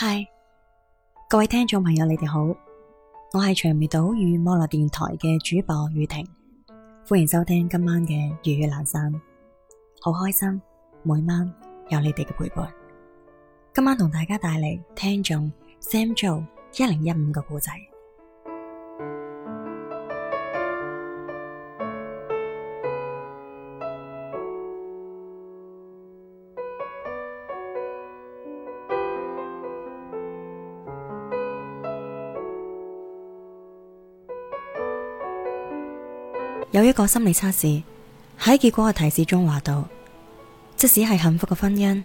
嗨，Hi，各位聽眾朋友，你哋好，我係長尾島與網絡電台嘅主播宇婷，歡迎收聽今晚嘅月月闌珊，好開心每晚有你哋嘅陪伴。今晚同大家帶嚟聽眾，聽眾 Sam Joe 一零一五嘅故仔。有一個心理測試喺結果嘅提示中話到，即使係幸福嘅婚姻，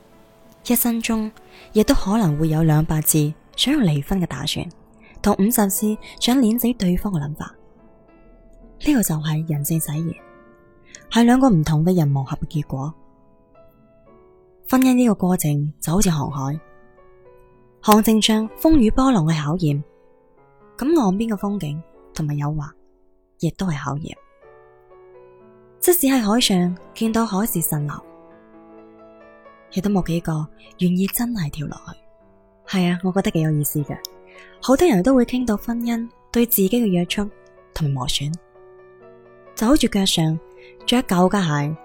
一生中亦都可能會有兩百次想要離婚嘅打算，同五十次想碾死對方嘅諗法。呢、這個就係人性使然，係兩個唔同嘅人磨合嘅結果。婚姻呢個過程就好似航海，航正像風雨波浪嘅考驗，咁岸邊嘅風景同埋誘惑，亦都係考驗。即使喺海上見到海市蜃樓，亦都冇幾個願意真係跳落去。係啊，我覺得幾有意思嘅。好多人都會傾到婚姻對自己嘅約束同磨損，就好似腳上着舊嘅鞋，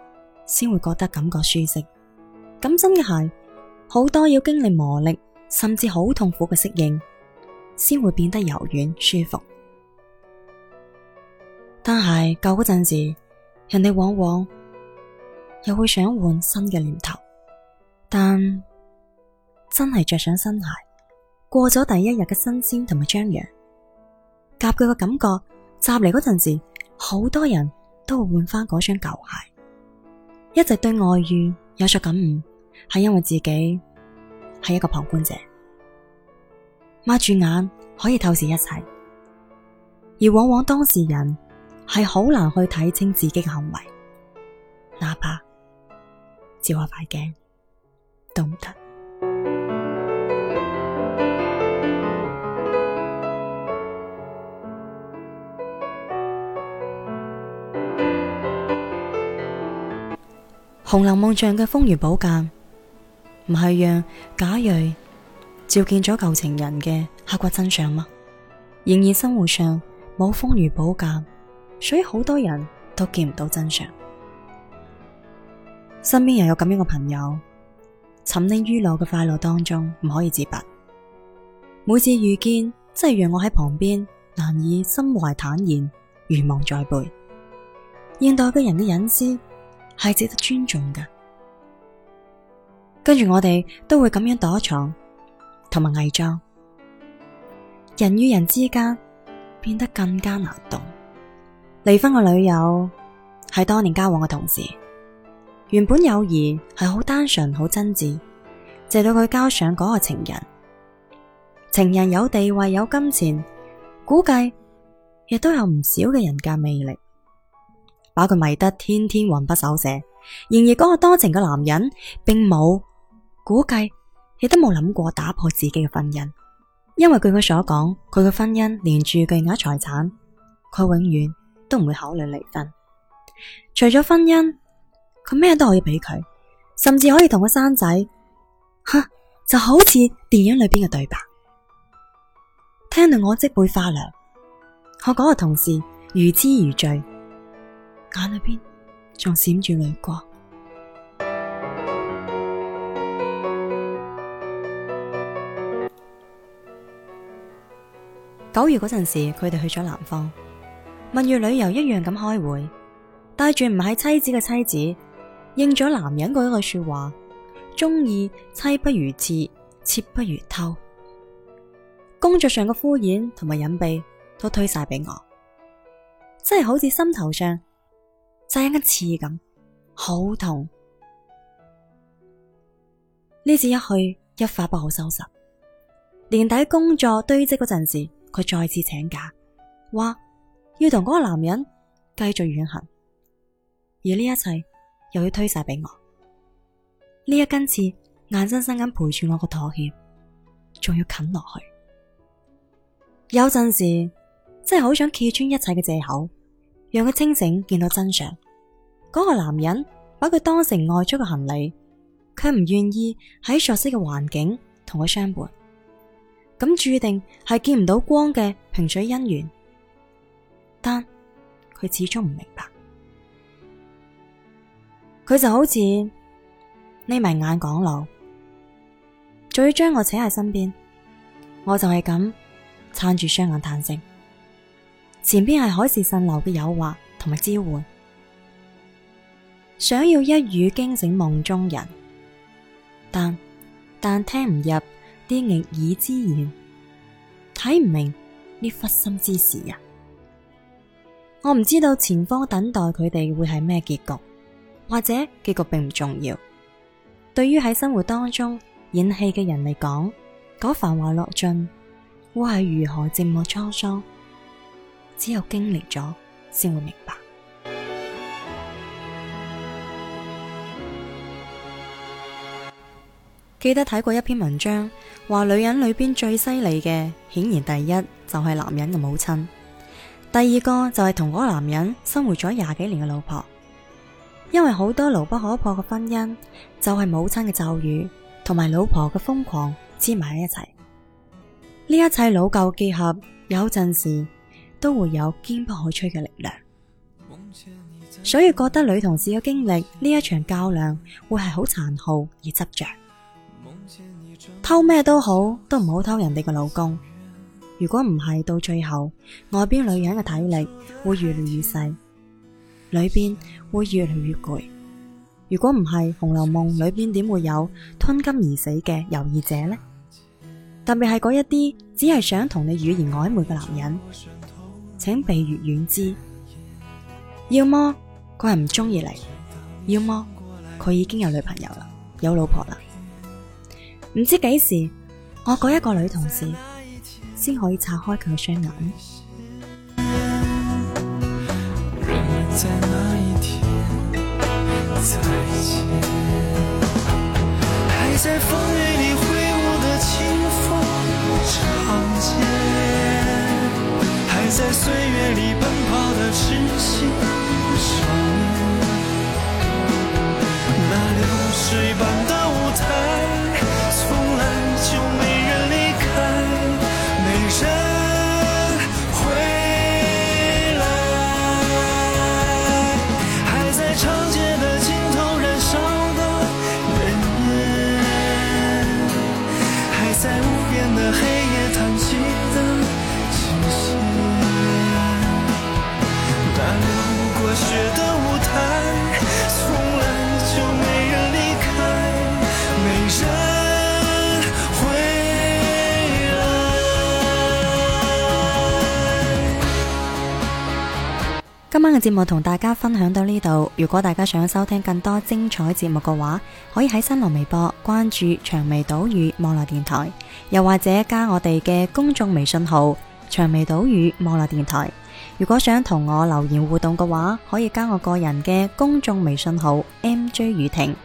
先會覺得感覺舒適。咁新嘅鞋好多要經歷磨礪，甚至好痛苦嘅適應，先會變得柔軟舒服。但係舊嗰陣時，人哋往往又會想換新嘅念頭，但真係着上新鞋，過咗第一日嘅新鮮同埋張揚，夾佢嘅感覺，襲嚟嗰陣時，好多人都會換翻嗰雙舊鞋。一直對外遇有所感悟，係因為自己係一個旁觀者，擘住眼可以透視一切，而往往當事人。係好難去睇清自己嘅行為，哪怕照下塊鏡都唔得。《紅樓夢》上嘅風月寶鑒，唔係讓賈瑞照見咗舊情人嘅刻骨真相嗎？仍然生活上冇風月寶鑒。所以好多人都見唔到真相，身邊又有咁樣嘅朋友沉溺於偷嘅快樂當中，唔可以自拔。每次遇見，真係讓我喺旁邊難以心懷坦然，如芒在背。現代嘅人嘅隱私係值得尊重嘅，跟住我哋都會咁樣躲藏同埋偽裝，人與人之間變得更加難懂。離婚嘅女友係多年交往嘅同事，原本友誼係好單純，好真摯，直到佢交上嗰個情人。情人有地位，有金錢，估計亦都有唔少嘅人格魅力，把佢迷得天天魂不守舍。然而，嗰個多情嘅男人並冇估計，亦都冇諗過打破自己嘅婚姻，因為據佢所講，佢嘅婚姻連住巨額財產，佢永遠都唔會考慮離婚，除咗婚姻，佢咩都可以俾佢，甚至可以同佢生仔，吓就好似電影裏邊嘅對白，聽到我脊背發涼，我嗰個同事如痴如醉，眼裏邊仲閃住淚光。九月嗰陣時，佢哋去咗南方。蜜月旅遊一樣咁開會，帶住唔係妻子嘅妻子，應咗男人嗰一句說話，中意妻不如妾，妾不如偷。工作上嘅敷衍同埋隱秘都推晒俾我，真係好似心頭上扎、就是、一根刺咁，好痛。呢次一去一發不可收拾，年底工作堆積嗰陣時，佢再次請假，話，要同嗰個男人繼續遠行，而呢一切又要推晒俾我，呢一根刺硬生生咁陪住我個妥協，仲要啃落去。有陣時真係好想揭穿一切嘅借口，讓佢清醒見到真相。嗰、那個男人把佢當成外出嘅行李，佢唔願意喺熟悉嘅環境同佢相伴，咁注定係見唔到光嘅萍水姻緣。佢始終唔明白，佢就好似匿埋眼趕路，仲要將我扯喺身邊，我就係咁撐住雙眼嘆息。前邊係海市蜃樓嘅誘惑同埋召喚，想要一語驚醒夢中人，但但聽唔入啲逆耳之言，睇唔明呢拂心之事啊！我唔知道前方等待佢哋會係咩結局，或者結局並唔重要。對於喺生活當中演戲嘅人嚟講，嗰繁華落盡會係如何寂寞滄桑，只有經歷咗先會明白。 記得睇過一篇文章，話女人裏邊最犀利嘅，顯然第一就係男人嘅母親。第二個就係同嗰個男人生活咗廿幾年嘅老婆，因為好多牢不可破嘅婚姻就係母親嘅咒語同埋老婆嘅瘋狂黐埋喺一齊，呢一切老舊結合，有陣時都會有堅不可摧嘅力量，所以覺得女同事嘅經歷呢一場較量會係好殘酷而執着，偷咩都好都唔好偷人哋個老公。如果唔係到最後，外邊女人嘅體力會越嚟越細，裏邊會越嚟越攰。如果唔係《紅樓夢》裏邊點會有吞金而死嘅尤二姐呢？特別係嗰一啲只係想同你語言曖昧嘅男人，請避而遠之。要麼佢係唔中意你，要麼佢已經有女朋友啦，有老婆啦。唔知幾時，我嗰一個女同事先可以拆開佢雙眼。 今晚嘅節目同大家分享到呢度。如果大家想收聽更多精彩節目嘅話，可以喺新浪微博關注“長尾島嶼網絡電台”，又或者加我哋嘅公眾微信號“長尾島嶼網絡電台”。如果想同我留言互動嘅話，可以加我個人嘅公眾微信號 “NJ 宇婷”。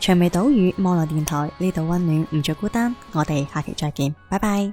長尾島嶼網絡電台呢度溫暖，唔再孤單。我哋下期再見，拜拜。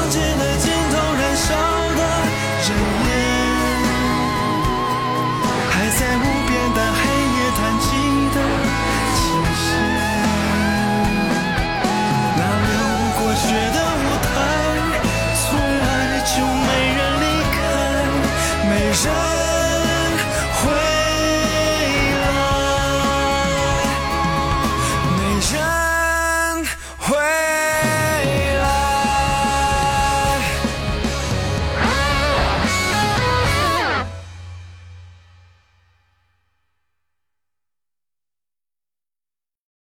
忘記了。